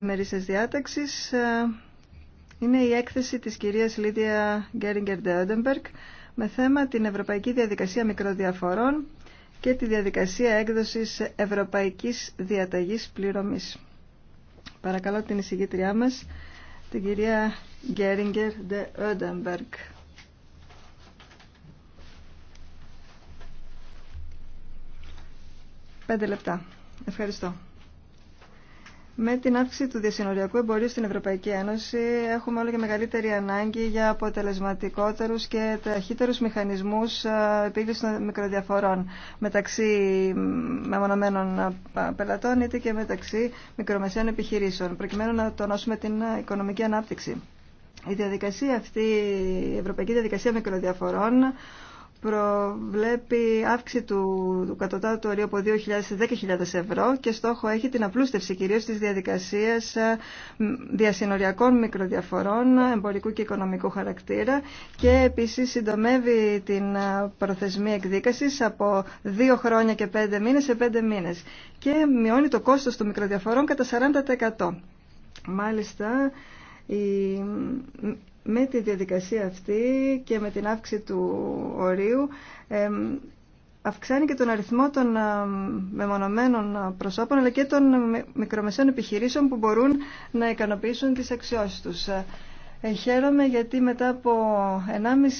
μερίσες διάταξης ε, είναι η έκθεση της κυρίας Λίδια Γκέριγκερ Ντεόντεμπερκ με θέμα την Ευρωπαϊκή Διαδικασία Μικροδιαφορών και τη διαδικασία έκδοσης Ευρωπαϊκής Διαταγής Πληρωμής. Παρακαλώ την εισηγήτριά μας, την κυρία Γκέριγκερ Ντεόντεμπερκ. Πέντε λεπτά. Ευχαριστώ. Με την αύξηση του διασυνοριακού εμπορίου στην Ευρωπαϊκή Ένωση έχουμε όλο και μεγαλύτερη ανάγκη για αποτελεσματικότερους και ταχύτερους μηχανισμούς ε, επίλυσης των μικροδιαφορών μεταξύ μεμονωμένων ε, πελατών είτε και μεταξύ μικρομεσαίων επιχειρήσεων προκειμένου να τονώσουμε την ε, οικονομική ανάπτυξη. Η διαδικασία αυτή, η ευρωπαϊκή διαδικασία μικροδιαφορών προβλέπει αύξηση του, του κατωτάτου ορίου από 2.000 σε 10.000 ευρώ και στόχο έχει την απλούστευση κυρίως της διαδικασίας ε, διασυνοριακών μικροδιαφορών εμπορικού και οικονομικού χαρακτήρα και επίσης συντομεύει την ε, προθεσμία εκδίκασης από 2 χρόνια και 5 μήνες σε 5 μήνες και μειώνει το κόστος των μικροδιαφορών κατά 40%. Μάλιστα, η με τη διαδικασία αυτή και με την αύξηση του ορίου αυξάνει και τον αριθμό των ε, μεμονωμένων προσώπων αλλά και των μικρομεσαίων επιχειρήσεων που μπορούν να ικανοποιήσουν τις αξιώσεις τους. Ε, χαίρομαι γιατί μετά από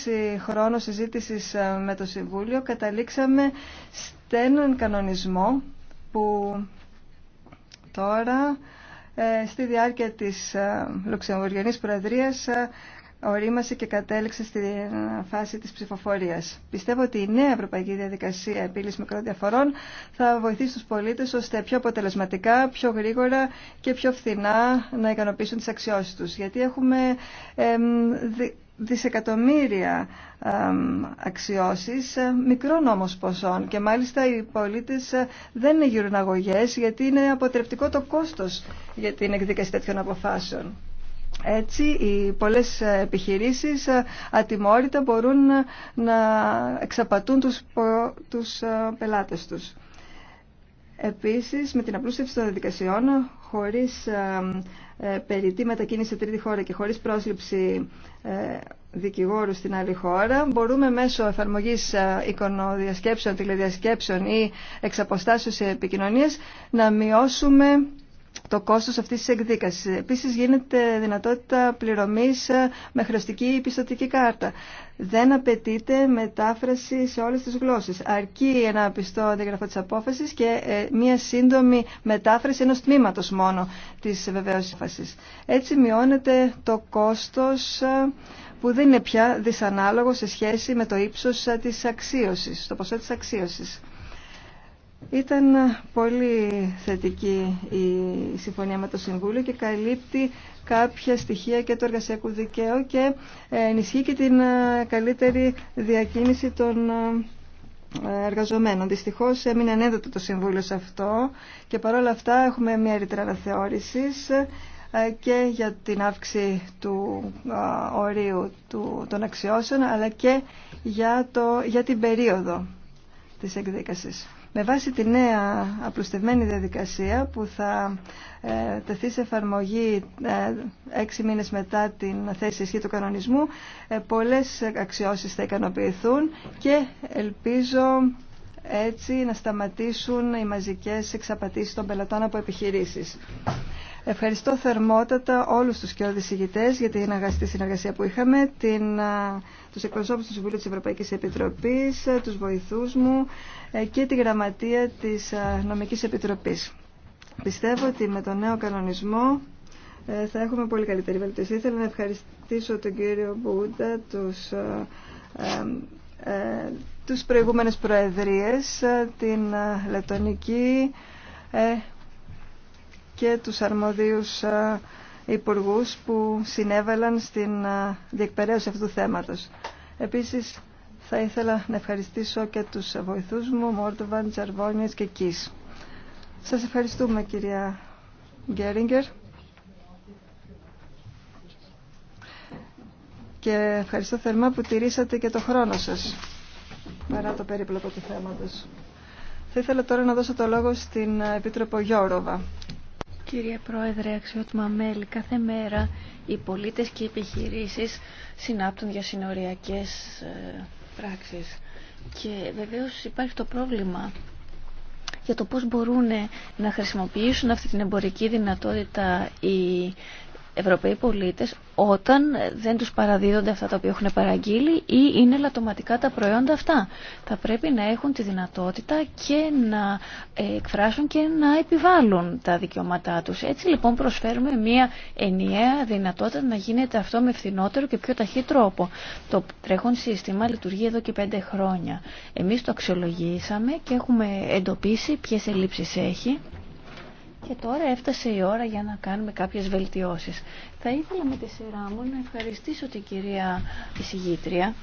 1,5 χρόνο συζήτησης ε, με το Συμβούλιο καταλήξαμε στέναν κανονισμό που τώρα στη διάρκεια της Λουξεμβουργιανής Προεδρίας ορίμασε και κατέληξε στη φάση της ψηφοφορίας. Πιστεύω ότι η νέα ευρωπαϊκή διαδικασία επίλυσης μικρών διαφορών θα βοηθήσει τους πολίτες ώστε πιο αποτελεσματικά, πιο γρήγορα και πιο φθηνά να ικανοποιήσουν τις αξιώσεις τους. Γιατί έχουμε δισεκατομμύρια αξιώσεις μικρών όμως ποσών και μάλιστα οι πολίτες δεν είναι γυρουναγωγές γιατί είναι αποτρεπτικό το κόστος για την εκδίκαση τέτοιων αποφάσεων. Έτσι, οι πολλές επιχειρήσεις ε, ατιμόρυτα μπορούν να εξαπατούν τους, τους ε, πελάτες τους. Επίσης, με την απλούστευση των διαδικασιών, χωρίς ε, περιττή μετακίνηση σε τρίτη χώρα και χωρίς πρόσληψη δικηγόρου στην άλλη χώρα, μπορούμε μέσω εφαρμογής εικονοδιασκέψεων, τηλεδιασκέψεων ή εξαποστάσεως επικοινωνίας να μειώσουμε το κόστος αυτής της εκδίκασης. Επίσης γίνεται δυνατότητα πληρωμής ε, με χρεωστική ή πιστοτική κάρτα. Δεν απαιτείται μετάφραση σε όλες τις γλώσσες. Αρκεί ένα πιστό αντίγραφο της απόφασης και ε, μία σύντομη μετάφραση ενός τμήματος μόνο της βεβαίως Έτσι μειώνεται το κόστος ε, που δεν είναι πια δυσανάλογο σε σχέση με το ύψος της αξίωσης, το ποσό της αξίωσης. Ήταν πολύ θετική η συμφωνία με το Συμβούλιο και καλύπτει κάποια στοιχεία και του εργασιακού δικαίου και ενισχύει και την ε, καλύτερη διακίνηση των ε, εργαζομένων. Δυστυχώς έμεινε ανέδοτο το Συμβούλιο σε αυτό και παρόλα αυτά έχουμε μια ρήτρα ε, και για την αύξηση του ορίου των αξιώσεων αλλά και για, το, για την περίοδο της εκδίκασης. Με βάση τη νέα απλουστευμένη διαδικασία που θα ε, τεθεί σε εφαρμογή ε, έξι μήνες μετά την θέση ισχύ του κανονισμού, ε, πολλές αξιώσεις θα ικανοποιηθούν και ελπίζω έτσι να σταματήσουν οι μαζικές εξαπατήσεις των πελατών από επιχειρήσεις. Ευχαριστώ θερμότατα όλους τους κοιόδης ηγητές για την αγαστή συνεργασία που είχαμε, την, τους εκπροσώπους του Συμβουλίου της Ευρωπαϊκής Επιτροπής, ε, τους βοηθούς μου ε, και τη γραμματεία της Νομικής Επιτροπής. Πιστεύω ότι με τον νέο κανονισμό ε, θα έχουμε πολύ καλύτερη βελτίωση. Ήθελα να ευχαριστήσω τον κύριο Μπούντα, τους, τους προηγούμενες προεδρίες, την Λετωνική, και τους αρμοδίους ε, υπουργούς που συνέβαλαν στην ε, διεκπαιρέωση αυτού του θέματος. Επίσης, θα ήθελα να ευχαριστήσω και τους βοηθούς μου, Μόρτοβαν, Τζαρβόνιες και Κις. Σας ευχαριστούμε, κυρία Γκέριγκερ. Και ευχαριστώ θερμά που τηρήσατε και το χρόνο σας, παρά το περίπλοκο του θέματος. Θα ήθελα τώρα να δώσω το λόγο στην ε, Επίτροπο Γιώροβα. Κύριε Πρόεδρε, αξιότιμα μέλη, κάθε μέρα οι πολίτες και οι επιχειρήσεις συνάπτουν για συνοριακές ε, πράξεις. Και βεβαίως υπάρχει το πρόβλημα για το πώς μπορούν να χρησιμοποιήσουν αυτή την εμπορική δυνατότητα οι Ευρωπαίοι πολίτες όταν δεν τους παραδίδονται αυτά τα οποία έχουν παραγγείλει ή είναι λατωματικά τα προϊόντα αυτά. Θα πρέπει να έχουν τη δυνατότητα και να ε, εκφράσουν και να επιβάλλουν τα δικαιώματά τους. Έτσι λοιπόν προσφέρουμε μια ενιαία δυνατότητα να γίνεται αυτό με φθηνότερο και πιο ταχύ τρόπο. Το τρέχον σύστημα λειτουργεί εδώ και πέντε χρόνια. Εμείς το αξιολογήσαμε και έχουμε εντοπίσει ποιες ελλείψεις έχει και τώρα έφτασε η ώρα για να κάνουμε κάποιες βελτιώσεις. Θα ήθελα με τη σειρά μου να ευχαριστήσω την κυρία εισηγήτρια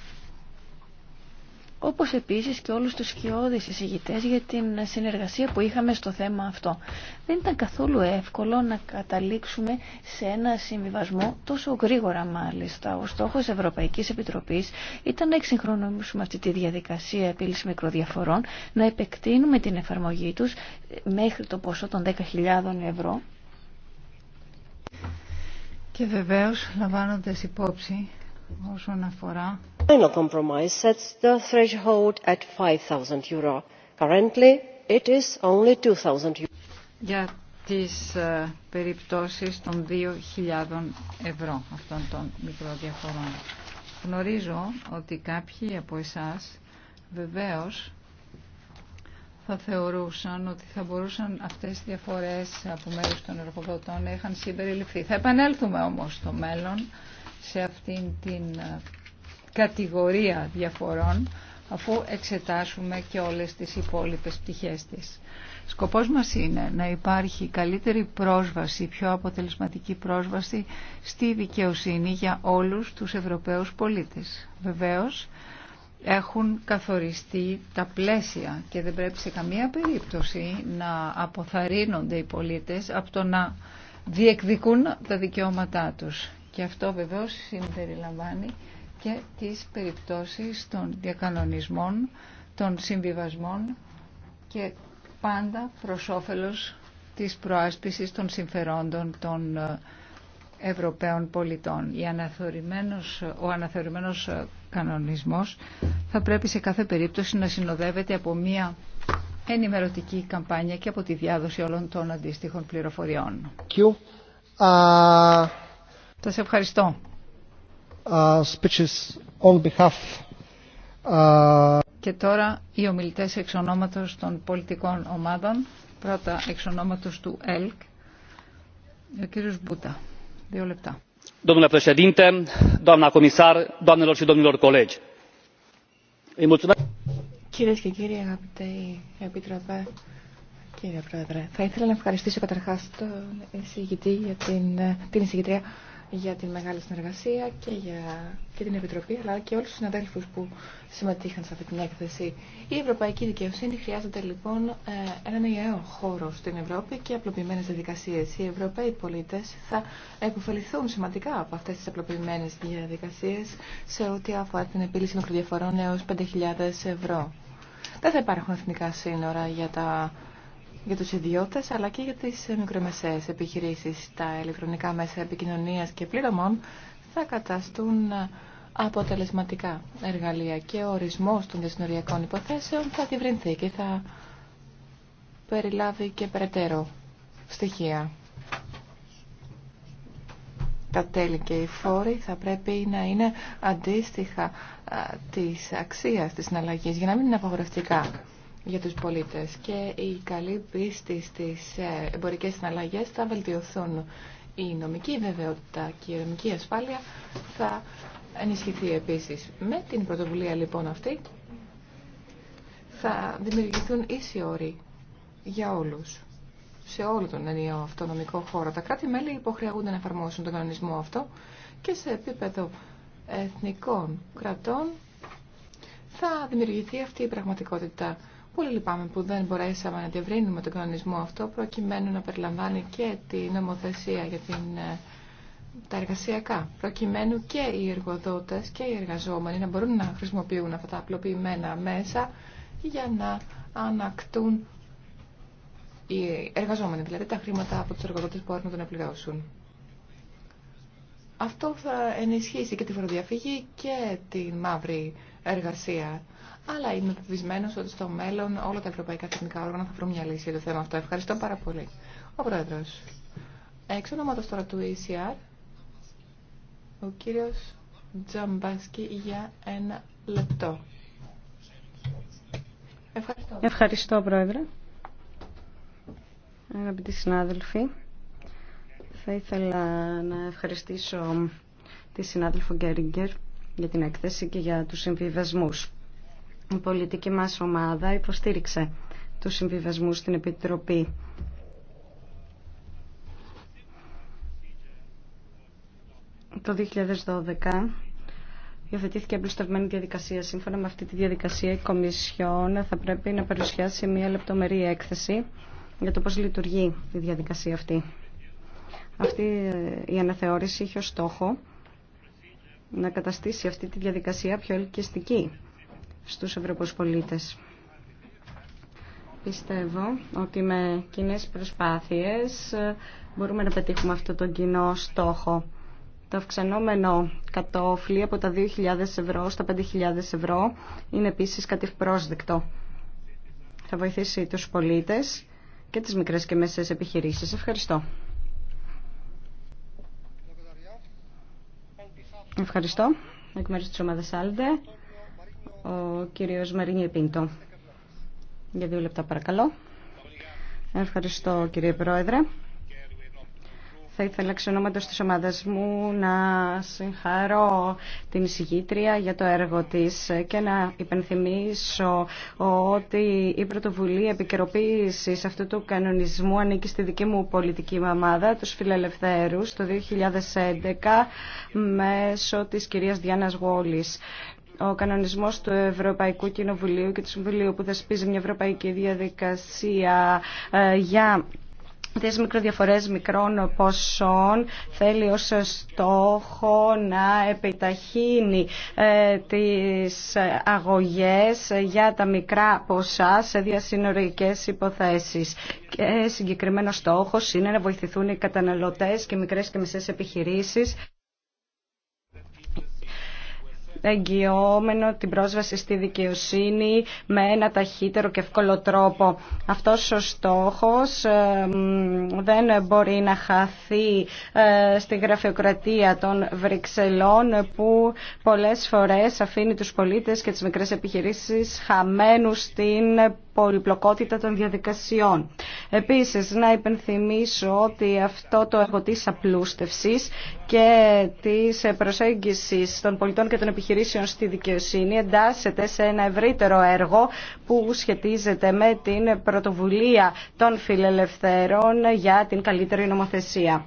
όπως επίσης και όλους τους σκιώδεις εισηγητές για την συνεργασία που είχαμε στο θέμα αυτό. Δεν ήταν καθόλου εύκολο να καταλήξουμε σε ένα συμβιβασμό τόσο γρήγορα μάλιστα. Ο στόχος Ευρωπαϊκής Επιτροπής ήταν να εξυγχρονίσουμε αυτή τη διαδικασία επίλυση μικροδιαφορών, να επεκτείνουμε την εφαρμογή τους μέχρι το ποσό των 10.000 ευρώ. Και βεβαίως λαμβάνοντας υπόψη όσον αφορά final compromise sets the threshold 5,000 Currently, it is only 2,000 Για τις ε, περιπτώσεις των 2.000 ευρώ αυτών των μικροδιαφορών. Γνωρίζω ότι κάποιοι από εσάς βεβαίως θα θεωρούσαν ότι θα μπορούσαν αυτές οι διαφορές από μέρους των εργοδοτών να είχαν συμπεριληφθεί. Θα επανέλθουμε όμως στο μέλλον σε αυτήν την ε, κατηγορία διαφορών αφού εξετάσουμε και όλες τις υπόλοιπες πτυχές της. Σκοπός μας είναι να υπάρχει καλύτερη πρόσβαση, πιο αποτελεσματική πρόσβαση στη δικαιοσύνη για όλους τους Ευρωπαίους πολίτες. Βεβαίως, έχουν καθοριστεί τα πλαίσια και δεν πρέπει σε καμία περίπτωση να αποθαρρύνονται οι πολίτες από το να διεκδικούν τα δικαιώματά τους. Και αυτό βεβαίως συμπεριλαμβάνει και τις περιπτώσεις των διακανονισμών, των συμβιβασμών και πάντα προς όφελος της προάσπισης των συμφερόντων των ε, Ευρωπαίων πολιτών. Η ο αναθεωρημένος ε, κανονισμός θα πρέπει σε κάθε περίπτωση να συνοδεύεται από μία ενημερωτική καμπάνια και από τη διάδοση όλων των αντίστοιχων πληροφοριών. Σα ευχαριστώ. Uh, on behalf, uh... Και τώρα οι ομιλητές εξ ονόματος των πολιτικών ομάδων. Πρώτα εξ ονόματος του ΕΛΚ. Ο κύριος Μπούτα. Δύο λεπτά. Domnule președinte, doamna comisar, doamnelor și domnilor colegi. Îi mulțumesc. Κυρίες και κύριοι, αγαπητοί επίτροπε, κύριε Πρόεδρε, θα ήθελα να ευχαριστήσω καταρχάς τον εισηγητή για την, την εισηγητρία για την μεγάλη συνεργασία και για και την Επιτροπή αλλά και όλους τους συναδέλφους που συμμετείχαν σε αυτή την έκθεση. Η Ευρωπαϊκή Δικαιοσύνη χρειάζεται λοιπόν ε, έναν ιερό χώρο στην Ευρώπη και απλοποιημένε διαδικασίε. Οι Ευρωπαίοι πολίτε θα επωφεληθούν σημαντικά από αυτέ τι απλοποιημένε διαδικασίε σε ό,τι αφορά την επίλυση μικροδιαφορών έω 5.000 ευρώ. Δεν θα υπάρχουν εθνικά σύνορα για τα για τους ιδιώτες αλλά και για τις μικρομεσαίες επιχειρήσεις. Τα ηλεκτρονικά μέσα επικοινωνίας και πληρωμών θα καταστούν αποτελεσματικά εργαλεία και ο ορισμός των διασυνοριακών υποθέσεων θα διευρυνθεί και θα περιλάβει και περαιτέρω στοιχεία. Τα τέλη και οι φόροι θα πρέπει να είναι αντίστοιχα της αξίας της συναλλαγής για να μην είναι απαγορευτικά για τους πολίτες και η καλή πίστη στις ε, εμπορικές συναλλαγές θα βελτιωθούν. Η νομική βεβαιότητα και η νομική ασφάλεια θα ενισχυθεί επίσης. Με την πρωτοβουλία λοιπόν αυτή θα δημιουργηθούν ίσοι όροι για όλους. Σε όλο τον ενιαίο αυτονομικό χώρο τα κράτη-μέλη υποχρεούνται να εφαρμόσουν τον κανονισμό αυτό και σε επίπεδο εθνικών κρατών θα δημιουργηθεί αυτή η πραγματικότητα Πολύ λυπάμαι που δεν μπορέσαμε να διευρύνουμε τον κανονισμό αυτό προκειμένου να περιλαμβάνει και την νομοθεσία για την, ε, τα εργασιακά. Προκειμένου και οι εργοδότες και οι εργαζόμενοι να μπορούν να χρησιμοποιούν αυτά τα απλοποιημένα μέσα για να ανακτούν οι εργαζόμενοι. Δηλαδή τα χρήματα από τους εργοδότες μπορούν να τον επιβεβαιώσουν. Αυτό θα ενισχύσει και τη φοροδιαφυγή και τη μαύρη εργασία. Αλλά είμαι πεπισμένο ότι στο μέλλον όλα τα ευρωπαϊκά τεχνικά όργανα θα βρουν μια λύση για το θέμα αυτό. Ευχαριστώ πάρα πολύ. Ο Πρόεδρο. Εξ ονόματο τώρα του ECR, ο κύριο Τζαμπάσκι για ένα λεπτό. Ευχαριστώ. Ευχαριστώ, Πρόεδρε. Αγαπητοί συνάδελφοι. Θα ήθελα να ευχαριστήσω τη συνάδελφο Γκέριγκερ για την έκθεση και για τους συμβιβασμούς. Η πολιτική μας ομάδα υποστήριξε τους συμβιβασμούς στην Επιτροπή. Το 2012 Υιοθετήθηκε εμπλουστευμένη διαδικασία. Σύμφωνα με αυτή τη διαδικασία, η Κομισιόν θα πρέπει να παρουσιάσει μια λεπτομερή έκθεση για το πώς λειτουργεί η διαδικασία αυτή. Αυτή η αναθεώρηση είχε ως στόχο να καταστήσει αυτή τη διαδικασία πιο ελκυστική στους Ευρωπαίους πολίτες. Πιστεύω ότι με κοινέ προσπάθειες μπορούμε να πετύχουμε αυτό τον κοινό στόχο. Το αυξανόμενο κατόφλι από τα 2.000 ευρώ στα 5.000 ευρώ είναι επίσης κάτι πρόσδεκτο. Θα βοηθήσει τους πολίτες και τις μικρές και μέσες επιχειρήσεις. Ευχαριστώ. Ευχαριστώ. Εκ μέρους της ομάδας Άλντε, ο κύριος Μαρίνιο Πίντο. Για δύο λεπτά παρακαλώ. Ευχαριστώ κύριε Πρόεδρε. Θα ήθελα εξ ονόματος της ομάδας μου να συγχαρώ την εισηγήτρια για το έργο της και να υπενθυμίσω ότι η πρωτοβουλία επικαιροποίηση αυτού του κανονισμού ανήκει στη δική μου πολιτική ομάδα, τους φιλελευθέρους, το 2011 μέσω της κυρίας Διάνας Γόλης ο κανονισμό του Ευρωπαϊκού Κοινοβουλίου και του Συμβουλίου που δεσπίζει μια ευρωπαϊκή διαδικασία ε, για τις μικροδιαφορές μικρών ποσών θέλει ως στόχο να επιταχύνει ε, τις αγωγές για τα μικρά ποσά σε διασυνορικές υποθέσεις. Και συγκεκριμένο στόχος είναι να βοηθηθούν οι καταναλωτές και μικρές και μισές επιχειρήσεις εγγυόμενο την πρόσβαση στη δικαιοσύνη με ένα ταχύτερο και εύκολο τρόπο. Αυτός ο στόχος δεν μπορεί να χαθεί ε, στη γραφειοκρατία των Βρυξελών που πολλές φορές αφήνει τους πολίτες και τις μικρές επιχειρήσεις χαμένους στην πολυπλοκότητα των διαδικασιών. Επίσης, να υπενθυμίσω ότι αυτό το έργο τη απλούστευσης και της προσέγγισης των πολιτών και των επιχειρήσεων στη δικαιοσύνη εντάσσεται σε ένα ευρύτερο έργο που σχετίζεται με την πρωτοβουλία των φιλελευθέρων για την καλύτερη νομοθεσία.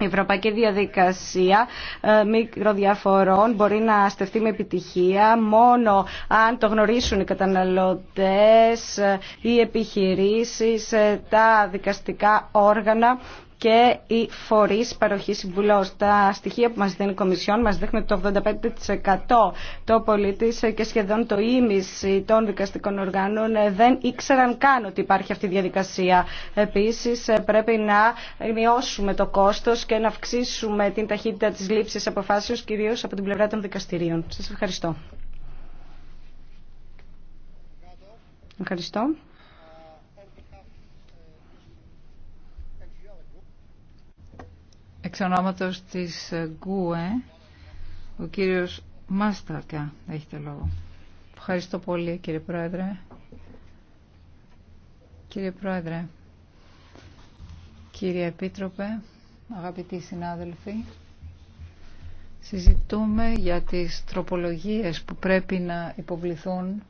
Η ευρωπαϊκή διαδικασία ε, μικροδιαφορών μπορεί να στεφτεί με επιτυχία μόνο αν το γνωρίσουν οι καταναλωτές, ε, οι επιχειρήσεις, ε, τα δικαστικά όργανα και οι φορεί παροχή συμβουλό. Τα στοιχεία που μα δίνει η Κομισιόν μας δείχνουν ότι το 85% των πολίτη και σχεδόν το ίμιση των δικαστικών οργάνων δεν ήξεραν καν ότι υπάρχει αυτή η διαδικασία. Επίση πρέπει να μειώσουμε το κόστο και να αυξήσουμε την ταχύτητα τη λήψη αποφάσεω κυρίω από την πλευρά των δικαστηρίων. Σα ευχαριστώ. Ευχαριστώ. ονόματος της ε, ΓΚΟΕ, ο κύριος Μάστακα, έχετε λόγο. Ευχαριστώ πολύ κύριε Πρόεδρε. Κύριε Πρόεδρε, κύριε Επίτροπε, αγαπητοί συνάδελφοι, συζητούμε για τις τροπολογίες που πρέπει να υποβληθούν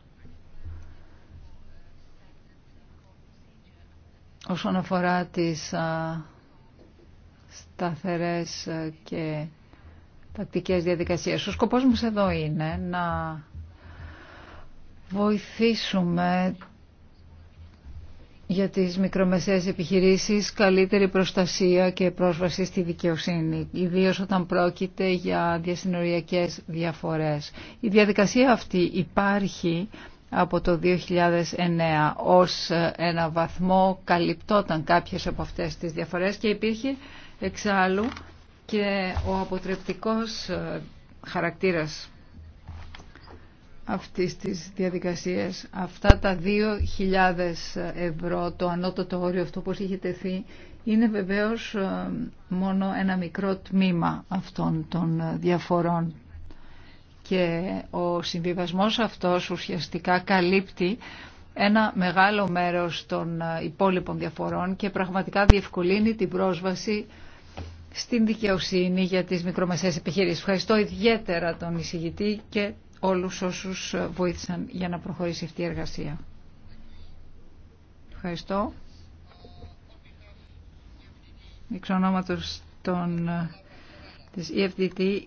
όσον αφορά τις σταθερές ε, και τακτικές διαδικασίες. Ο σκοπός μας εδώ είναι να βοηθήσουμε για τις μικρομεσαίες επιχειρήσεις καλύτερη προστασία και πρόσβαση στη δικαιοσύνη, ιδίως όταν πρόκειται για διασυνοριακές διαφορές. Η διαδικασία αυτή υπάρχει από το 2009 ως ε, ένα βαθμό καλυπτόταν κάποιες από αυτές τις διαφορές και υπήρχε Εξάλλου και ο αποτρεπτικός ε, χαρακτήρας αυτής της διαδικασίας. Αυτά τα 2.000 ε, ευρώ, το ανώτατο όριο αυτό που είχε τεθεί, είναι βεβαίως ε, μόνο ένα μικρό τμήμα αυτών των διαφορών. Και ο συμβιβασμός αυτός ουσιαστικά καλύπτει ένα μεγάλο μέρος των υπόλοιπων διαφορών και πραγματικά διευκολύνει την πρόσβαση στην δικαιοσύνη για τις μικρομεσαίες επιχειρήσεις. Ευχαριστώ ιδιαίτερα τον εισηγητή και όλους όσους βοήθησαν για να προχωρήσει αυτή η εργασία. Ευχαριστώ. Εξ ονόματος των, της EFDT,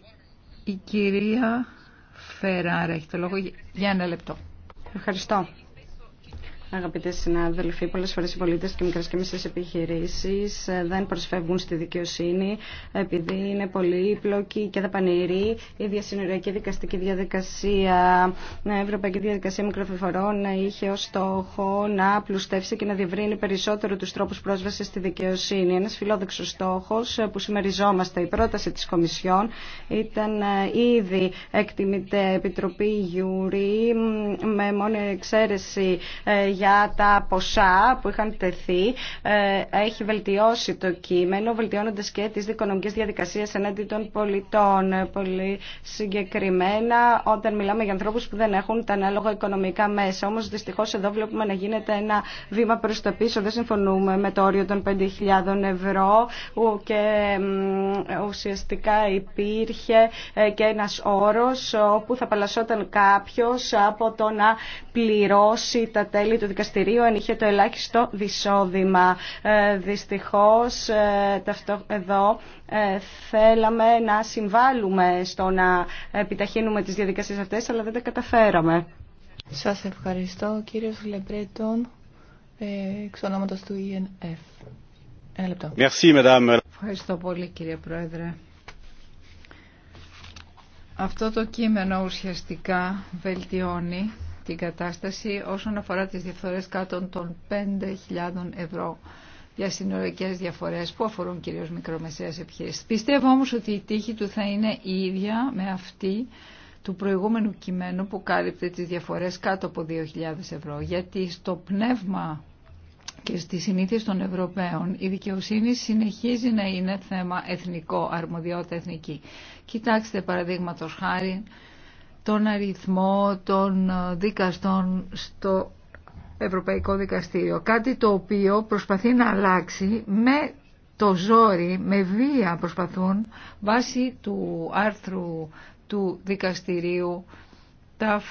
η κυρία Φεράρα έχει το λόγο για ένα λεπτό. Ευχαριστώ. Αγαπητέ συνάδελφοι, πολλέ φορέ οι πολίτε και μικρέ και μισέ επιχειρήσει ε, δεν προσφεύγουν στη δικαιοσύνη επειδή είναι πολύπλοκη και δαπανηρή η διασυνοριακή δικαστική διαδικασία. Ε, η Ευρωπαϊκή Διαδικασία Μικροφεφορών ε, είχε ω στόχο να πλουστεύσει και να διευρύνει περισσότερο του τρόπου πρόσβαση στη δικαιοσύνη. Ένα φιλόδοξο στόχο που συμμεριζόμαστε. Η πρόταση τη Κομισιόν ήταν ήδη εκτιμητέ Επιτροπή Γιούρι με μόνο εξαίρεση για τα ποσά που είχαν τεθεί ε, έχει βελτιώσει το κείμενο, βελτιώνοντας και τις δικονομικές διαδικασίες ενάντια των πολιτών. Ε, πολύ συγκεκριμένα όταν μιλάμε για ανθρώπους που δεν έχουν τα ανάλογα οικονομικά μέσα. Όμως δυστυχώς εδώ βλέπουμε να γίνεται ένα βήμα προς τα πίσω. Δεν συμφωνούμε με το όριο των 5.000 ευρώ και ουσιαστικά υπήρχε ε, και ένας όρος όπου θα παλασσόταν κάποιος από το να πληρώσει τα τέλη του δικαστηρίου αν είχε το ελάχιστο δισόδημα. Ε, δυστυχώς ε, εδώ ε, θέλαμε να συμβάλλουμε στο να επιταχύνουμε τις διαδικασίες αυτές, αλλά δεν τα καταφέραμε. Σας ευχαριστώ, κύριος Λεμπρέτον, εξ ονόματος του ΕΝΕΦ. E Ένα λεπτό. Ευχαριστώ πολύ, κύριε Πρόεδρε. Αυτό το κείμενο ουσιαστικά βελτιώνει την κατάσταση όσον αφορά τις διαφορές κάτω των 5.000 ευρώ για συνολικές διαφορές που αφορούν κυρίως μικρομεσαίες επιχειρήσεις. Πιστεύω όμως ότι η τύχη του θα είναι η ίδια με αυτή του προηγούμενου κειμένου που κάλυπτε τις διαφορές κάτω από 2.000 ευρώ γιατί στο πνεύμα και στις συνήθειες των Ευρωπαίων η δικαιοσύνη συνεχίζει να είναι θέμα εθνικό, αρμοδιότητα εθνική. Κοιτάξτε παραδείγματος χάρη τον αριθμό των ε, δικαστών στο Ευρωπαϊκό Δικαστήριο. Κάτι το οποίο προσπαθεί να αλλάξει με το ζόρι, με βία προσπαθούν βάσει του άρθρου του δικαστηρίου ΤΑΦ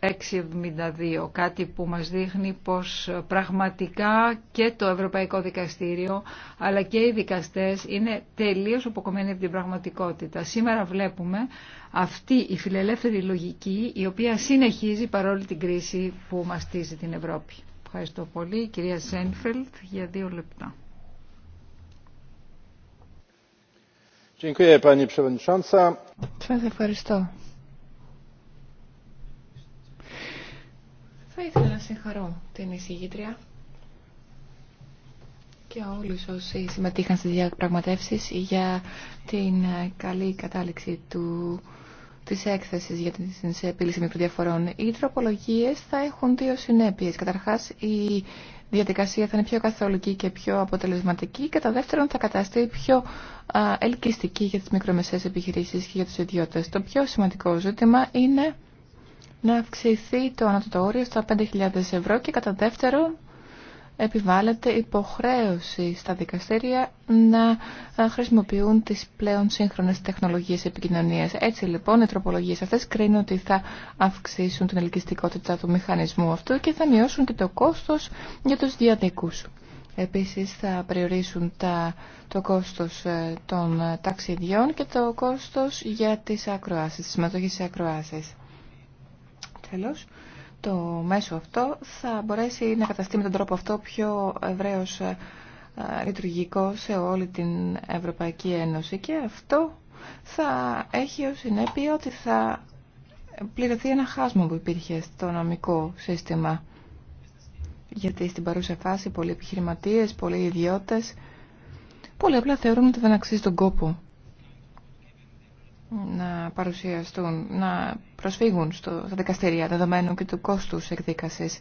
672, κάτι που μας δείχνει πως πραγματικά και το Ευρωπαϊκό Δικαστήριο αλλά και οι δικαστές είναι τελείως αποκομμένοι από την πραγματικότητα. Σήμερα βλέπουμε αυτή η φιλελεύθερη λογική η οποία συνεχίζει παρόλη την κρίση που μαστίζει την Ευρώπη. Ευχαριστώ πολύ. Κυρία Σένφελτ για δύο λεπτά. Σας ευχαριστώ. Θα ήθελα να συγχαρώ την εισηγήτρια και όλους όσοι συμμετείχαν στις διαπραγματεύσεις για την ε, καλή κατάληξη του, της έκθεσης για την επίλυση μικροδιαφορών. Οι τροπολογίες θα έχουν δύο συνέπειες. Καταρχάς, η διαδικασία θα είναι πιο καθολική και πιο αποτελεσματική. Κατά δεύτερον, θα καταστεί πιο ελκυστική για τις μικρομεσαίες επιχειρήσεις και για τους ιδιώτες. Το πιο σημαντικό ζήτημα είναι να αυξηθεί το όριο στα 5.000 ευρώ και κατά δεύτερο επιβάλλεται υποχρέωση στα δικαστήρια να ε, χρησιμοποιούν τις πλέον σύγχρονες τεχνολογίες επικοινωνίας. Έτσι λοιπόν οι τροπολογίες αυτές κρίνουν ότι θα αυξήσουν την ελκυστικότητα του μηχανισμού αυτού και θα μειώσουν και το κόστος για τους διαδικούς. Επίσης θα περιορίσουν τα, το κόστος ε, των ταξιδιών και το κόστος για τις ακροάσεις, συμμετοχή σε ακροάσεις. Τέλος, το μέσο αυτό θα μπορέσει να καταστεί με τον τρόπο αυτό πιο ευρέως ε, ε, λειτουργικό σε όλη την Ευρωπαϊκή Ένωση και αυτό θα έχει ως συνέπεια ότι θα πληρωθεί ένα χάσμα που υπήρχε στο νομικό σύστημα. Γιατί στην παρούσα φάση πολλοί επιχειρηματίε, πολλοί ιδιώτες, πολλοί απλά θεωρούν ότι δεν αξίζει τον κόπο να παρουσιαστούν, να προσφύγουν στο, στα δικαστήρια δεδομένου και του κόστους εκδίκασης.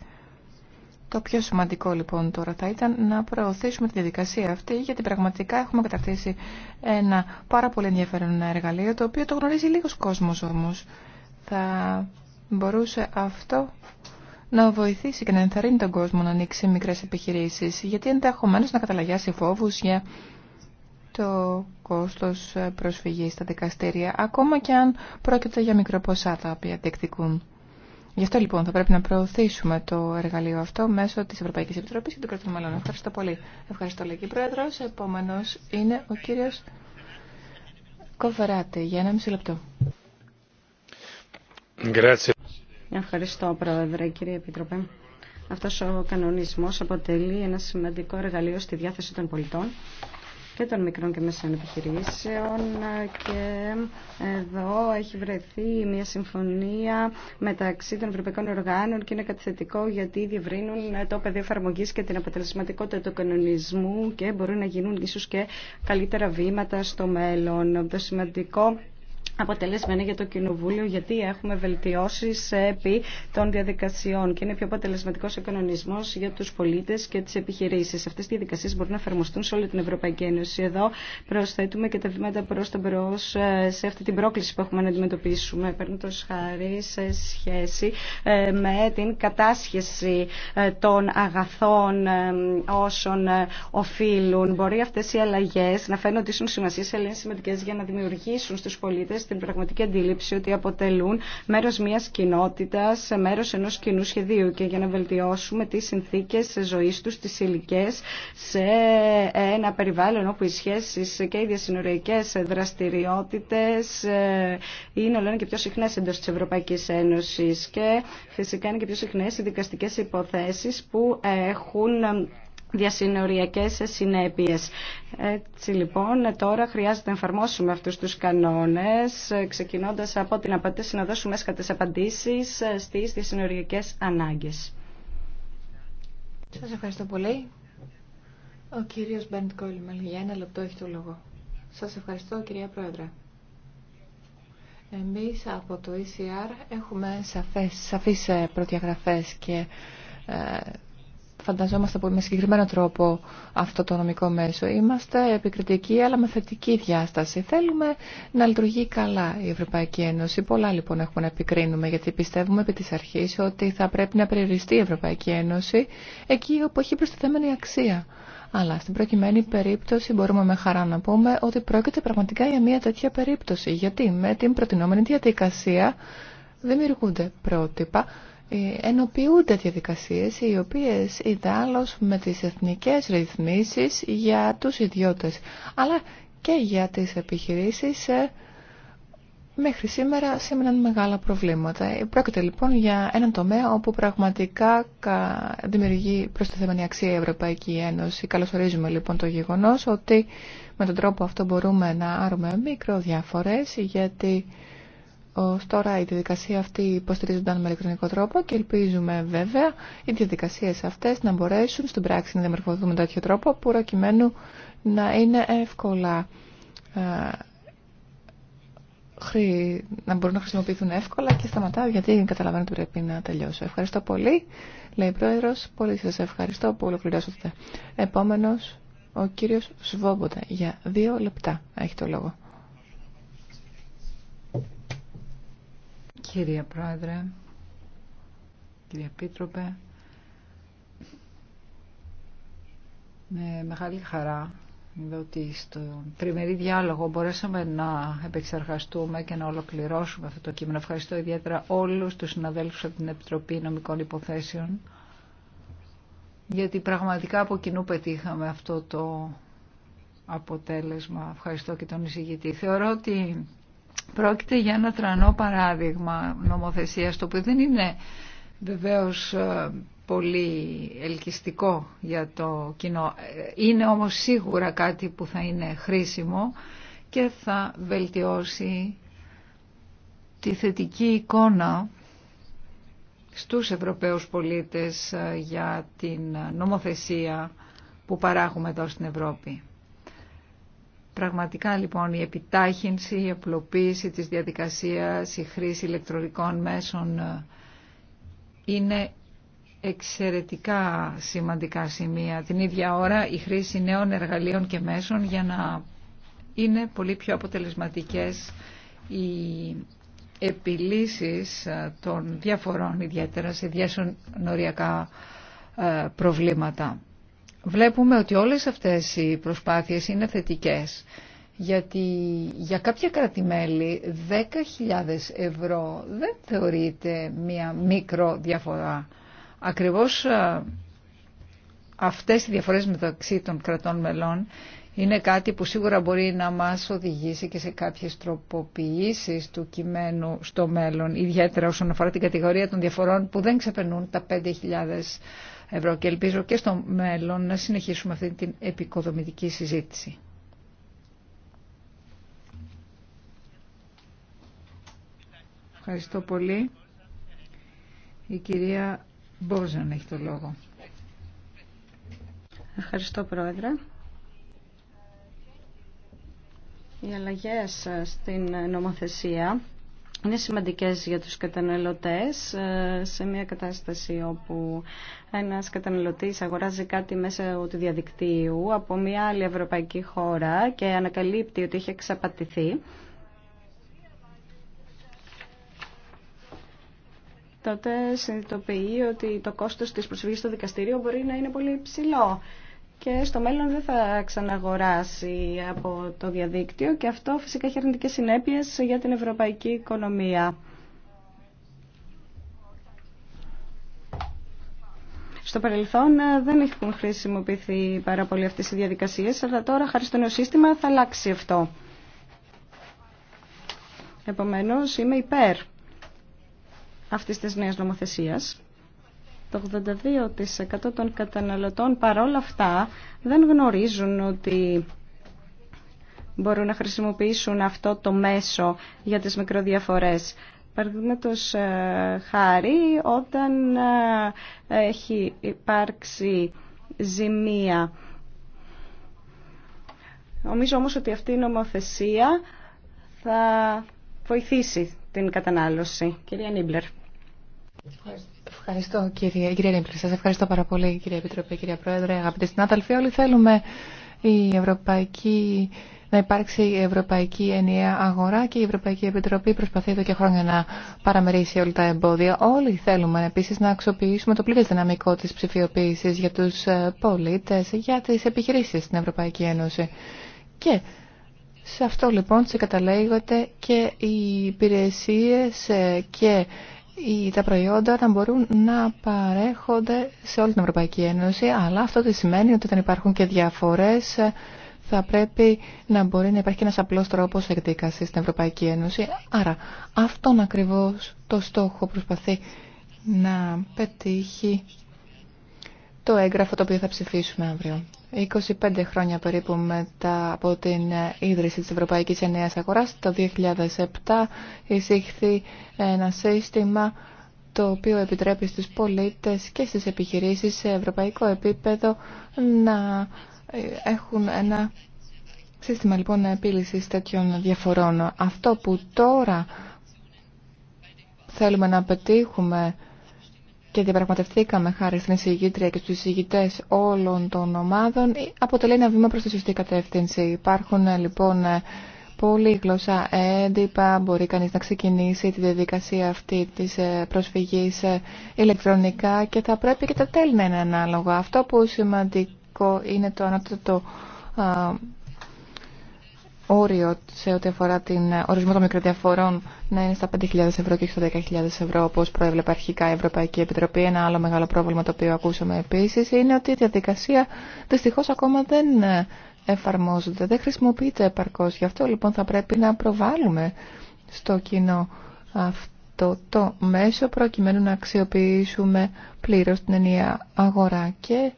Το πιο σημαντικό λοιπόν τώρα θα ήταν να προωθήσουμε τη διαδικασία αυτή γιατί πραγματικά έχουμε καταρτήσει ένα πάρα πολύ ενδιαφέρον εργαλείο το οποίο το γνωρίζει λίγος κόσμος όμως. Θα μπορούσε αυτό να βοηθήσει και να ενθαρρύνει τον κόσμο να ανοίξει μικρές επιχειρήσεις γιατί ενδεχομένως να καταλαγιάσει φόβους για το κόστος προσφυγής στα δικαστήρια, ακόμα και αν πρόκειται για μικροποσά τα οποία διεκδικούν. Γι' αυτό λοιπόν θα πρέπει να προωθήσουμε το εργαλείο αυτό μέσω τη Ευρωπαϊκή Επιτροπής και του κρατών μελών. Ευχαριστώ πολύ. Ευχαριστώ, Λεκή Πρόεδρος. Επόμενος είναι ο κύριο Κοφεράτη. Για ένα μισή λεπτό. Ευχαριστώ, Πρόεδρε, κύριε Επίτροπε. Αυτός ο κανονισμός αποτελεί ένα σημαντικό εργαλείο στη διάθεση των πολιτών και των μικρών και μέσων επιχειρήσεων και εδώ έχει βρεθεί μια συμφωνία μεταξύ των ευρωπαϊκών οργάνων και είναι κατηθετικό γιατί διευρύνουν το πεδίο εφαρμογή και την αποτελεσματικότητα του κανονισμού και μπορούν να γίνουν ίσως και καλύτερα βήματα στο μέλλον. Το σημαντικό αποτελεσμένα για το Κοινοβούλιο γιατί έχουμε βελτιώσει επί των διαδικασιών και είναι πιο αποτελεσματικό ο κανονισμό για του πολίτε και τι επιχειρήσει. Αυτέ οι διαδικασίε μπορούν να εφαρμοστούν σε όλη την Ευρωπαϊκή Ένωση. Εδώ προσθέτουμε και τα βήματα προ τον μπρο ε, σε αυτή την πρόκληση που έχουμε να αντιμετωπίσουμε. το χάρη σε σχέση ε, με την κατάσχεση ε, των αγαθών όσων οφείλουν. Μπορεί αυτέ οι αλλαγέ να φαίνονται ίσουν σημασίε, σημαντικέ για να δημιουργήσουν στου πολίτε στην πραγματική αντίληψη ότι αποτελούν μέρος μιας κοινότητα, μέρος ενός κοινού σχεδίου και για να βελτιώσουμε τις συνθήκες ζωή του, τι ηλικίε σε ένα περιβάλλον όπου οι σχέσει και οι διασυνοριακέ δραστηριότητες ε, είναι όλο και πιο συχνέ εντό τη Ευρωπαϊκής Ένωσης και φυσικά είναι και πιο συχνέ οι δικαστικέ υποθέσει που έχουν διασυνοριακές συνέπειες. Έτσι λοιπόν τώρα χρειάζεται να εφαρμόσουμε αυτούς τους κανόνες ξεκινώντας από την απαντήση να δώσουμε έσκατες απαντήσεις στις διασυνοριακές ανάγκες. Σας ευχαριστώ πολύ. Ο κύριος Μπέντ για ένα λεπτό έχει το λόγο. Σας ευχαριστώ κυρία Πρόεδρε. Εμείς από το ECR έχουμε σαφές, σαφείς ε, προδιαγραφές και ε, φανταζόμαστε με συγκεκριμένο τρόπο αυτό το νομικό μέσο. Είμαστε επικριτικοί αλλά με θετική διάσταση. Θέλουμε να λειτουργεί καλά η Ευρωπαϊκή Ένωση. Πολλά λοιπόν έχουμε να επικρίνουμε γιατί πιστεύουμε επί της αρχής ότι θα πρέπει να περιοριστεί η Ευρωπαϊκή Ένωση εκεί όπου έχει προστιθέμενη αξία. Αλλά στην προκειμένη περίπτωση μπορούμε με χαρά να πούμε ότι πρόκειται πραγματικά για μια τέτοια περίπτωση. Γιατί με την προτινόμενη διαδικασία δημιουργούνται πρότυπα ε, ενοποιούνται διαδικασίες οι οποίες ιδάλλως με τις εθνικές ρυθμίσεις για τους ιδιώτες αλλά και για τις επιχειρήσεις ε, μέχρι σήμερα σήμαιναν μεγάλα προβλήματα. Ε, πρόκειται λοιπόν για έναν τομέα όπου πραγματικά δημιουργεί προστιθέμενη αξία η Ευρωπαϊκή Ένωση. Καλωσορίζουμε λοιπόν το γεγονός ότι με τον τρόπο αυτό μπορούμε να άρουμε μικροδιάφορες γιατί Ω τώρα η διαδικασία αυτή υποστηρίζονταν με ηλεκτρονικό τρόπο και ελπίζουμε βέβαια οι διαδικασίε αυτέ να μπορέσουν στην πράξη να διαμορφωθούν με τέτοιο τρόπο που προκειμένου να είναι εύκολα ε, να μπορούν να χρησιμοποιηθούν εύκολα και σταματάω γιατί καταλαβαίνω ότι πρέπει να τελειώσω. Ευχαριστώ πολύ, λέει η Πρόεδρος. Πολύ σας ευχαριστώ που ολοκληρώσατε. Επόμενος, ο κύριος Σβόμποτα για δύο λεπτά έχει το λόγο. Κύριε Πρόεδρε, κύριε Πίτροπε, με μεγάλη χαρά είδα ότι στον τριμερή διάλογο μπορέσαμε να επεξεργαστούμε και να ολοκληρώσουμε αυτό το κείμενο. Ευχαριστώ ιδιαίτερα όλους τους συναδέλφους από την Επιτροπή Νομικών Υποθέσεων γιατί πραγματικά από κοινού πετύχαμε αυτό το αποτέλεσμα. Ευχαριστώ και τον εισηγητή. Θεωρώ ότι Πρόκειται για ένα τρανό παράδειγμα νομοθεσίας, το οποίο δεν είναι βεβαίως ε, πολύ ελκυστικό για το κοινό. Ε, είναι όμως σίγουρα κάτι που θα είναι χρήσιμο και θα βελτιώσει τη θετική εικόνα στους Ευρωπαίους πολίτες ε, για την νομοθεσία που παράγουμε εδώ στην Ευρώπη. Πραγματικά λοιπόν η επιτάχυνση, η απλοποίηση της διαδικασίας, η χρήση ηλεκτρονικών μέσων ε, είναι εξαιρετικά σημαντικά σημεία. Την ίδια ώρα η χρήση νέων εργαλείων και μέσων για να είναι πολύ πιο αποτελεσματικές οι επιλύσεις ε, των διαφορών ιδιαίτερα σε νοριακά ε, προβλήματα βλέπουμε ότι όλες αυτές οι προσπάθειες είναι θετικές. Γιατί για κάποια κρατημέλη 10.000 ευρώ δεν θεωρείται μία μικρό διαφορά. Ακριβώς αυτές οι διαφορές μεταξύ των κρατών μελών είναι κάτι που σίγουρα μπορεί να μας οδηγήσει και σε κάποιες τροποποιήσεις του κειμένου στο μέλλον, ιδιαίτερα όσον αφορά την κατηγορία των διαφορών που δεν ξεπερνούν τα 5.000 ευρώ και ελπίζω και στο μέλλον να συνεχίσουμε αυτή την επικοδομητική συζήτηση. Ευχαριστώ πολύ. Η κυρία Μπόζαν έχει το λόγο. Ευχαριστώ Πρόεδρε. Οι αλλαγές στην νομοθεσία είναι σημαντικές για τους καταναλωτές ε, σε μια κατάσταση όπου ένας καταναλωτής αγοράζει κάτι μέσα του διαδικτύου από μια άλλη ευρωπαϊκή χώρα και ανακαλύπτει ότι έχει εξαπατηθεί. τότε συνειδητοποιεί ότι το κόστος της προσφυγής στο δικαστήριο μπορεί να είναι πολύ ψηλό και στο μέλλον δεν θα ξαναγοράσει από το διαδίκτυο και αυτό φυσικά έχει αρνητικές συνέπειες για την ευρωπαϊκή οικονομία. Στο παρελθόν ε, δεν έχουν χρησιμοποιηθεί πάρα πολύ αυτές οι διαδικασίες, αλλά τώρα χάρη στο νέο σύστημα θα αλλάξει αυτό. Επομένως είμαι υπέρ αυτής της νέας νομοθεσίας. Το 82% των καταναλωτών παρόλα αυτά δεν γνωρίζουν ότι μπορούν να χρησιμοποιήσουν αυτό το μέσο για τις μικροδιαφορές. Παραδείγματο ε, χάρη όταν ε, έχει υπάρξει ζημία. Νομίζω όμως ότι αυτή η νομοθεσία θα βοηθήσει την κατανάλωση. Κυρία Νίμπλερ. Ευχαριστώ. Ευχαριστώ κύριε, κύριε Ρίμπλη. Σας ευχαριστώ πάρα πολύ κύριε Επιτροπή, κύριε Πρόεδρε, αγαπητοί συνάδελφοι. Όλοι θέλουμε η Ευρωπαϊκή, να υπάρξει η Ευρωπαϊκή Ενιαία Αγορά και η Ευρωπαϊκή Επιτροπή προσπαθεί εδώ και χρόνια να παραμερίσει όλα τα εμπόδια. Όλοι θέλουμε επίση να αξιοποιήσουμε το πλήρες δυναμικό της ψηφιοποίηση για τους ε, πολίτες, για τις επιχειρήσει στην Ευρωπαϊκή Ένωση. Και σε αυτό λοιπόν συγκαταλέγονται και οι υπηρεσίε ε, και τα προϊόντα να μπορούν να παρέχονται σε όλη την Ευρωπαϊκή Ένωση, αλλά αυτό τι σημαίνει ότι όταν υπάρχουν και διαφορές θα πρέπει να μπορεί να υπάρχει και ένας απλός τρόπος εκδίκαση στην Ευρωπαϊκή Ένωση. Άρα αυτόν ακριβώς το στόχο προσπαθεί να πετύχει το έγγραφο το οποίο θα ψηφίσουμε αύριο. 25 χρόνια περίπου μετά από την ίδρυση της Ευρωπαϊκής Ενέας Αγοράς, το 2007 εισήχθη ένα σύστημα το οποίο επιτρέπει στους πολίτες και στις επιχειρήσεις σε ευρωπαϊκό επίπεδο να ε, έχουν ένα σύστημα λοιπόν επίλυσης τέτοιων διαφορών. Αυτό που τώρα θέλουμε να πετύχουμε και διαπραγματευτήκαμε χάρη στην εισηγήτρια και στους εισηγητές όλων των ομάδων ε, αποτελεί ένα βήμα προς τη σωστή κατεύθυνση. Υπάρχουν ε, λοιπόν ε, πολύ γλώσσα έντυπα, μπορεί κανείς να ξεκινήσει τη διαδικασία αυτή της προσφυγής ηλεκτρονικά και θα πρέπει και τα τέλη να είναι ανάλογα. Αυτό που σημαντικό είναι το ανώτατο όριο σε ό,τι αφορά την ε, ορισμό των μικροδιαφορών να είναι στα 5.000 ευρώ και στα 10.000 ευρώ όπως προέβλεπε αρχικά η Ευρωπαϊκή Επιτροπή. Ένα άλλο μεγάλο πρόβλημα το οποίο ακούσαμε επίσης είναι ότι η διαδικασία δυστυχώς ακόμα δεν ε, εφαρμόζεται, δεν χρησιμοποιείται επαρκώς. Γι' αυτό λοιπόν θα πρέπει να προβάλλουμε στο κοινό αυτό το μέσο προκειμένου να αξιοποιήσουμε πλήρως την ενιαία αγορά και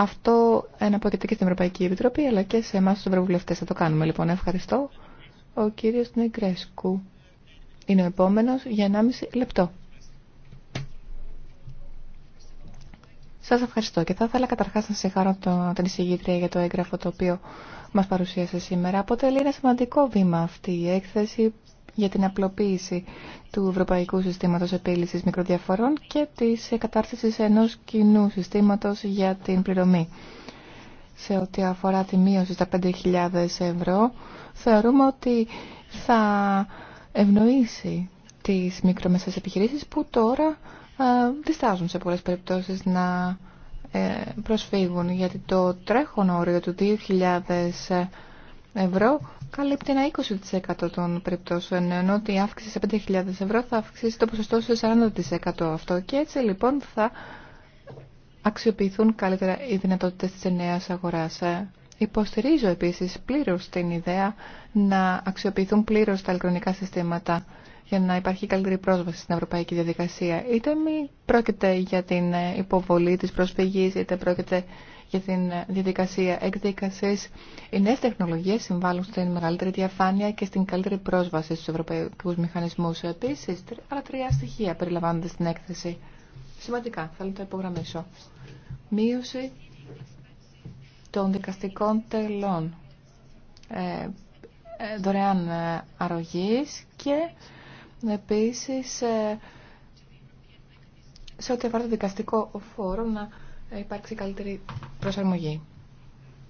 αυτό εναπόκειται και στην Ευρωπαϊκή Επιτροπή αλλά και σε εμά του ευρωβουλευτέ Θα το κάνουμε λοιπόν. Ευχαριστώ. Ο κύριος Νεγκρέσκου είναι ο επόμενο. για 1,5 λεπτό. Σας ευχαριστώ και θα ήθελα καταρχά να συγχαρώ την εισηγήτρια για το έγγραφο το οποίο μας παρουσίασε σήμερα. Αποτελεί ένα σημαντικό βήμα αυτή η έκθεση για την απλοποίηση του Ευρωπαϊκού Συστήματος Επίλυσης Μικροδιαφορών και της κατάρτισης ενός κοινού συστήματος για την πληρωμή. Σε ό,τι αφορά τη μείωση στα 5.000 ευρώ, θεωρούμε ότι θα ευνοήσει τις μικρομεσαίες επιχειρήσεις που τώρα ε, διστάζουν σε πολλές περιπτώσεις να ε, προσφύγουν γιατί το τρέχον όριο του 2.000 ευρώ καλύπτει ένα 20% των περιπτώσεων, ενώ ότι η αύξηση σε 5.000 ευρώ θα αυξήσει το ποσοστό σε 40% αυτό. Και έτσι λοιπόν θα αξιοποιηθούν καλύτερα οι δυνατότητες της νέας αγοράς. Ε, υποστηρίζω επίσης πλήρως την ιδέα να αξιοποιηθούν πλήρως τα ηλεκτρονικά συστήματα για να υπάρχει καλύτερη πρόσβαση στην ευρωπαϊκή διαδικασία. Είτε μη πρόκειται για την υποβολή της προσφυγής, είτε πρόκειται για την διαδικασία εκδίκαση. Οι νέε τεχνολογίε συμβάλλουν στην μεγαλύτερη διαφάνεια και στην καλύτερη πρόσβαση στου ευρωπαϊκού μηχανισμού. Επίση, άλλα τρία στοιχεία περιλαμβάνονται στην έκθεση. Σημαντικά, θέλω να το υπογραμμίσω. Μείωση των δικαστικών τελών ε, ε δωρεάν ε, αρρωγής και επίσης ε, σε ό,τι αφορά το δικαστικό φόρο να ε, υπάρξει καλύτερη προσαρμογή.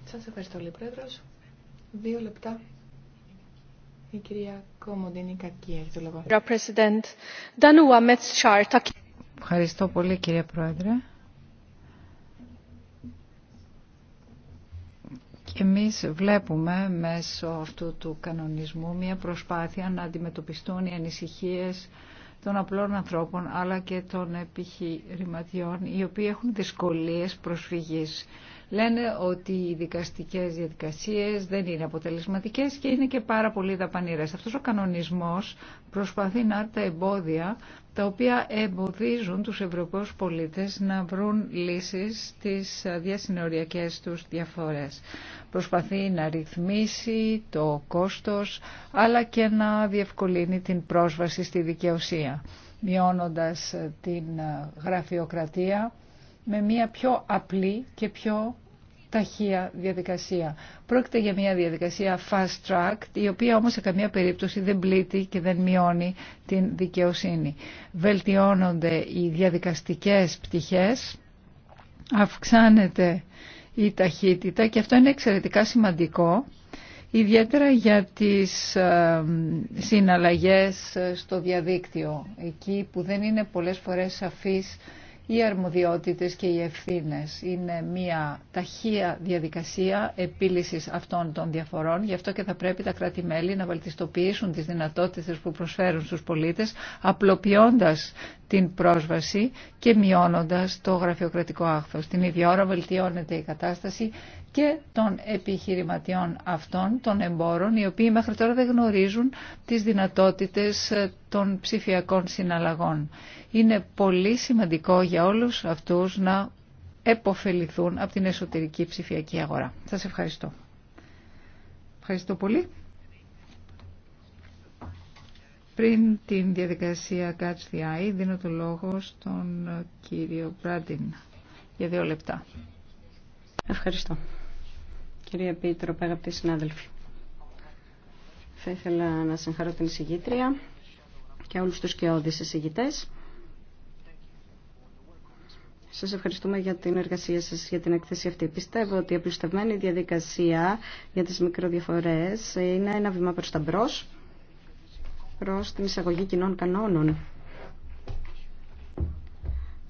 Σας ευχαριστώ πολύ, Πρόεδρος. Δύο λεπτά. Η κυρία Κομοντίνη Κακία έχει το λόγο. Ευχαριστώ πολύ, κύριε Πρόεδρε. Και εμείς βλέπουμε μέσω αυτού του κανονισμού μια προσπάθεια να αντιμετωπιστούν οι ανησυχίες των απλών ανθρώπων αλλά και των επιχειρηματιών οι οποίοι έχουν δυσκολίες προσφυγής λένε ότι οι δικαστικές διαδικασίες δεν είναι αποτελεσματικές και είναι και πάρα πολύ δαπανηρές. Αυτός ο κανονισμός προσπαθεί να τα εμπόδια τα οποία εμποδίζουν τους Ευρωπαίους πολίτες να βρουν λύσεις στις διασυνοριακές τους διαφορές. Προσπαθεί να ρυθμίσει το κόστος αλλά και να διευκολύνει την πρόσβαση στη δικαιοσία μειώνοντας την γραφειοκρατία με μια πιο απλή και πιο ταχεία διαδικασία. Πρόκειται για μια διαδικασία fast track, η οποία όμως σε καμία περίπτωση δεν πλήττει και δεν μειώνει την δικαιοσύνη. Βελτιώνονται οι διαδικαστικές πτυχές, αυξάνεται η ταχύτητα και αυτό είναι εξαιρετικά σημαντικό, ιδιαίτερα για τις ε, συναλλαγές στο διαδίκτυο, εκεί που δεν είναι πολλές φορές σαφής οι αρμοδιότητες και οι ευθύνες. Είναι μια ταχεία διαδικασία επίλυσης αυτών των διαφορών, γι' αυτό και θα πρέπει τα κράτη-μέλη να βαλτιστοποιήσουν τις δυνατότητες που προσφέρουν στους πολίτες, απλοποιώντας την πρόσβαση και μειώνοντας το γραφειοκρατικό άχθος. Την ίδια ώρα βελτιώνεται η κατάσταση και των επιχειρηματιών αυτών, των εμπόρων, οι οποίοι μέχρι τώρα δεν γνωρίζουν τις δυνατότητες ε, των ψηφιακών συναλλαγών. Είναι πολύ σημαντικό για όλους αυτούς να εποφεληθούν από την εσωτερική ψηφιακή αγορά. Σας ευχαριστώ. Ευχαριστώ πολύ. Πριν την διαδικασία Catch the Eye, δίνω το λόγο στον ε, κύριο Μπράντιν για δύο λεπτά. Ευχαριστώ. Κύριε Πίτρο, αγαπητοί συνάδελφοι. Θα ήθελα να συγχαρώ την εισηγήτρια και όλους τους κοιόδης εισηγητές. Σας ευχαριστούμε για την εργασία σας για την εκθέση αυτή. Πιστεύω ότι η απλουστευμένη διαδικασία για τις μικροδιαφορές είναι ένα βήμα προς τα μπρος, προς την εισαγωγή κοινών κανόνων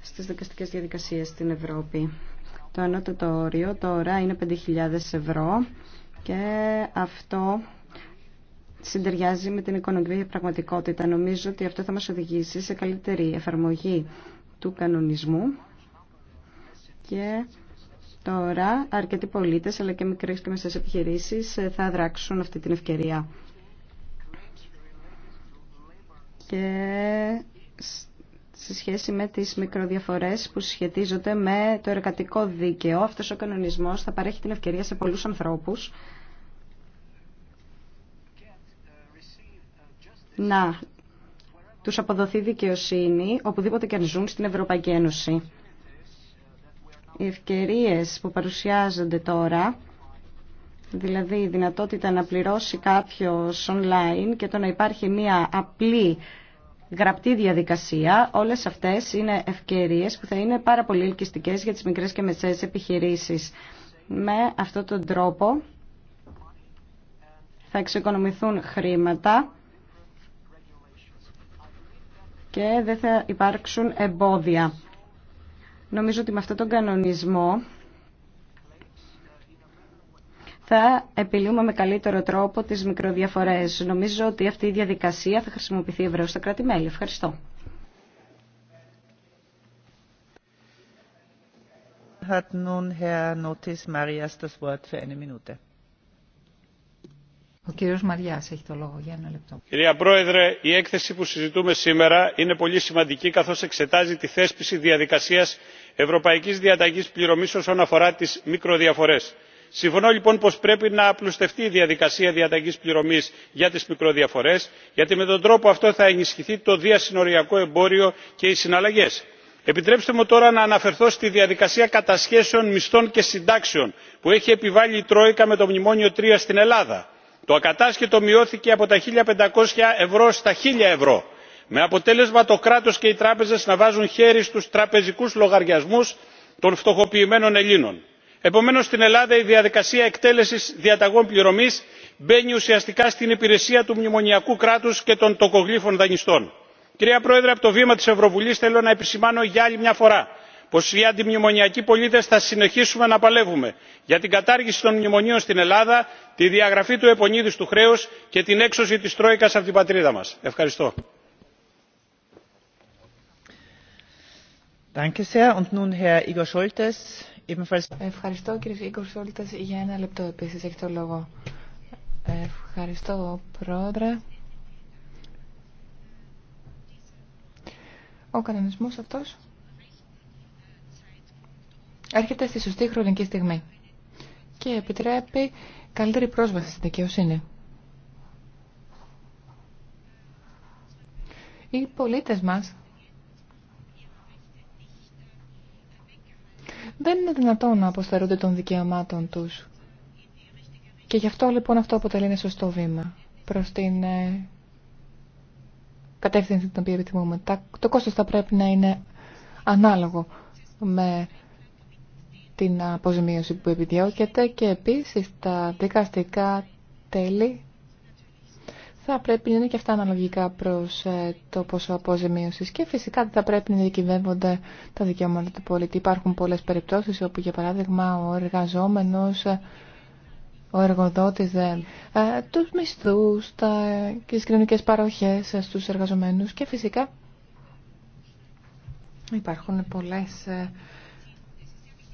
στις δικαστικές διαδικασίες στην Ευρώπη. Το ανώτατο όριο τώρα είναι 5.000 ευρώ και αυτό συντεριάζει με την οικονομική πραγματικότητα. Νομίζω ότι αυτό θα μας οδηγήσει σε καλύτερη εφαρμογή του κανονισμού και τώρα αρκετοί πολίτες αλλά και μικρές και μεσές επιχειρήσεις ε, θα δράξουν αυτή την ευκαιρία. Και σε σχέση με τις μικροδιαφορές που σχετίζονται με το εργατικό δίκαιο. Αυτός ο κανονισμός θα παρέχει την ευκαιρία σε πολλούς ανθρώπους να τους αποδοθεί δικαιοσύνη οπουδήποτε και αν ζουν στην Ευρωπαϊκή Ένωση. Οι ευκαιρίες που παρουσιάζονται τώρα δηλαδή η δυνατότητα να πληρώσει κάποιος online και το να υπάρχει μία απλή γραπτή διαδικασία, όλες αυτέ είναι ευκαιρίε που θα είναι πάρα πολύ ελκυστικέ για τις μικρές και μεσαίες επιχειρήσεις. Με αυτόν τον τρόπο θα εξοικονομηθούν χρήματα και δεν θα υπάρξουν εμπόδια. Νομίζω ότι με αυτόν τον κανονισμό θα επιλύουμε με καλύτερο τρόπο τις μικροδιαφορές. Νομίζω ότι αυτή η διαδικασία θα χρησιμοποιηθεί ευρώ στα κράτη-μέλη. Ευχαριστώ. Ο κύριος Μαριάς έχει το λόγο για ένα λεπτό. Κυρία Πρόεδρε, η έκθεση που συζητούμε σήμερα είναι πολύ σημαντική καθώς εξετάζει τη θέσπιση διαδικασίας Ευρωπαϊκής Διαταγής Πληρωμής όσον αφορά τις μικροδιαφορές συμφωνώ λοιπόν πως πρέπει να απλουστευτεί η διαδικασία διαταγής πληρωμής για τις μικροδιαφορές γιατί με τον τρόπο αυτό θα ενισχυθεί το διασυνοριακό εμπόριο και οι συναλλαγές. επιτρέψτε μου τώρα να αναφερθώ στη διαδικασία κατασχέσεων μισθών και συντάξεων που έχει επιβάλει η τρόικα με το μνημόνιο τρία στην ελλάδα. το ακατάσχετο μειώθηκε από τα 1.500 ευρώ στα 1.000 ευρώ με αποτέλεσμα το κράτος και οι τράπεζες να βάζουν χέρι στους τραπεζικούς λογαριασμούς των φτωχοποιημένων ελλήνων επομένως στην ελλάδα η διαδικασία εκτέλεσης διαταγών πληρωμής μπαίνει ουσιαστικά στην υπηρεσία του μνημονιακού κράτους και των τοκογλύφων δανειστών. κυρία πρόεδρε από το βήμα της ευρωβουλής θέλω να επισημάνω για άλλη μια φορά πως οι αντιμνημονιακοί πολίτες θα συνεχίσουμε να παλεύουμε για την κατάργηση των μνημονίων στην ελλάδα τη διαγραφή του επονίδη του χρέους και την έξωση της τρόικας από την πατρίδα μας. ευχαριστώ. Ευχαριστώ κύριε Γκίκορ για ένα λεπτό επίσης έχει το λόγο. Ευχαριστώ πρόεδρε. Ο κανονισμός αυτός έρχεται στη σωστή χρονική στιγμή και επιτρέπει καλύτερη πρόσβαση στη δικαιοσύνη. Οι πολίτες μας δεν είναι δυνατόν να αποστερούνται των δικαιωμάτων τους. Και γι' αυτό λοιπόν αυτό αποτελεί ένα σωστό βήμα προς την ε, κατεύθυνση την οποία επιθυμούμε. το κόστος θα πρέπει να είναι ανάλογο με την αποζημίωση που επιδιώκεται και επίσης τα δικαστικά τέλη θα πρέπει να είναι και αυτά αναλογικά προς ε, το ποσό αποζημίωσης και φυσικά θα πρέπει να διακυβεύονται τα δικαιώματα του πολίτη. Υπάρχουν πολλές περιπτώσεις όπου για παράδειγμα ο εργαζόμενος, ε, ο εργοδότης δεν, ε, τους μισθούς τα, και τις κοινωνικές παροχές στους εργαζομένους και φυσικά υπάρχουν πολλές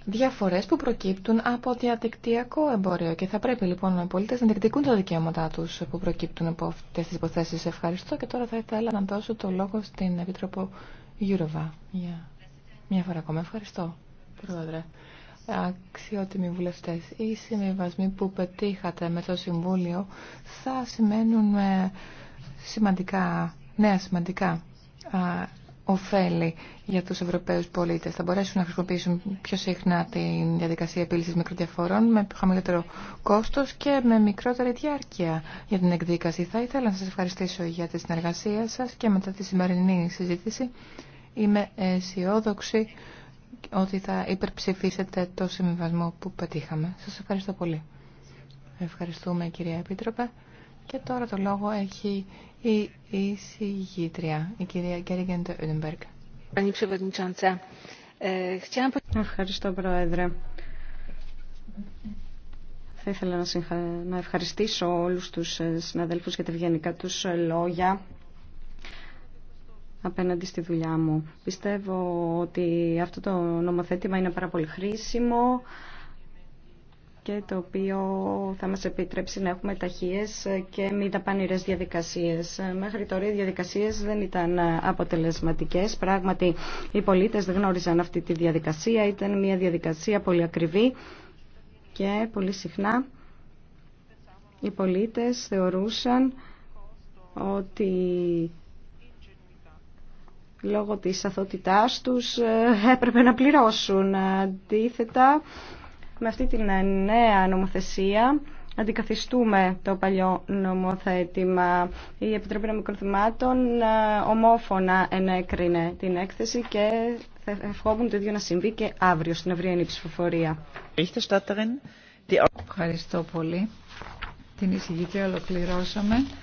διαφορές που προκύπτουν από διαδικτυακό εμπόριο και θα πρέπει λοιπόν οι πολίτες να διεκδικούν τα δικαιώματά τους που προκύπτουν από αυτές τις υποθέσεις. Ευχαριστώ και τώρα θα ήθελα να δώσω το λόγο στην Επίτροπο Γιούροβα. Για μια φορά ακόμα. Ευχαριστώ, Πρόεδρε. Αξιότιμοι βουλευτέ, οι συμβιβασμοί που πετύχατε με το Συμβούλιο θα σημαίνουν ε, σημαντικά, νέα σημαντικά Οφέλη για τους Ευρωπαίους πολίτες. Θα μπορέσουν να χρησιμοποιήσουν πιο συχνά τη διαδικασία επίλυσης μικροδιαφορών με χαμηλότερο κόστος και με μικρότερη διάρκεια για την εκδίκαση. Θα ήθελα να σας ευχαριστήσω για τη συνεργασία σας και μετά τη σημερινή συζήτηση είμαι αισιόδοξη ότι θα υπερψηφίσετε το συμβιβασμό που πετύχαμε. Σας ευχαριστώ πολύ. Ευχαριστούμε κυρία Επίτροπε. Και τώρα το λόγο έχει η εισηγήτρια, η κυρία Γκέριγεντ Ούντεμπεργκ. E, Ευχαριστώ, Πρόεδρε. Θα ήθελα να ευχαριστήσω όλους τους ε, συναδέλφους για τα ευγενικά τους ε, λόγια απέναντι στη δουλειά μου. Πιστεύω ότι αυτό το νομοθέτημα είναι πάρα πολύ χρήσιμο και το οποίο θα μας επιτρέψει να έχουμε ταχείες και μη δαπανηρές διαδικασίες. Μέχρι τώρα οι διαδικασίες δεν ήταν αποτελεσματικές. Πράγματι οι πολίτες δεν γνώριζαν αυτή τη διαδικασία. Ήταν μια διαδικασία πολύ ακριβή και πολύ συχνά οι πολίτες θεωρούσαν ότι λόγω της αθότητάς τους έπρεπε να πληρώσουν. Αντίθετα, με αυτή την ε, νέα νομοθεσία αντικαθιστούμε το παλιό νομοθέτημα. Η Επιτροπή Νομικών Θυμάτων ε, ομόφωνα ενέκρινε την έκθεση και θα ευχόμουν το ίδιο να συμβεί και αύριο στην αυριανή ψηφοφορία. Ευχαριστώ πολύ. Την εισηγητή ολοκληρώσαμε.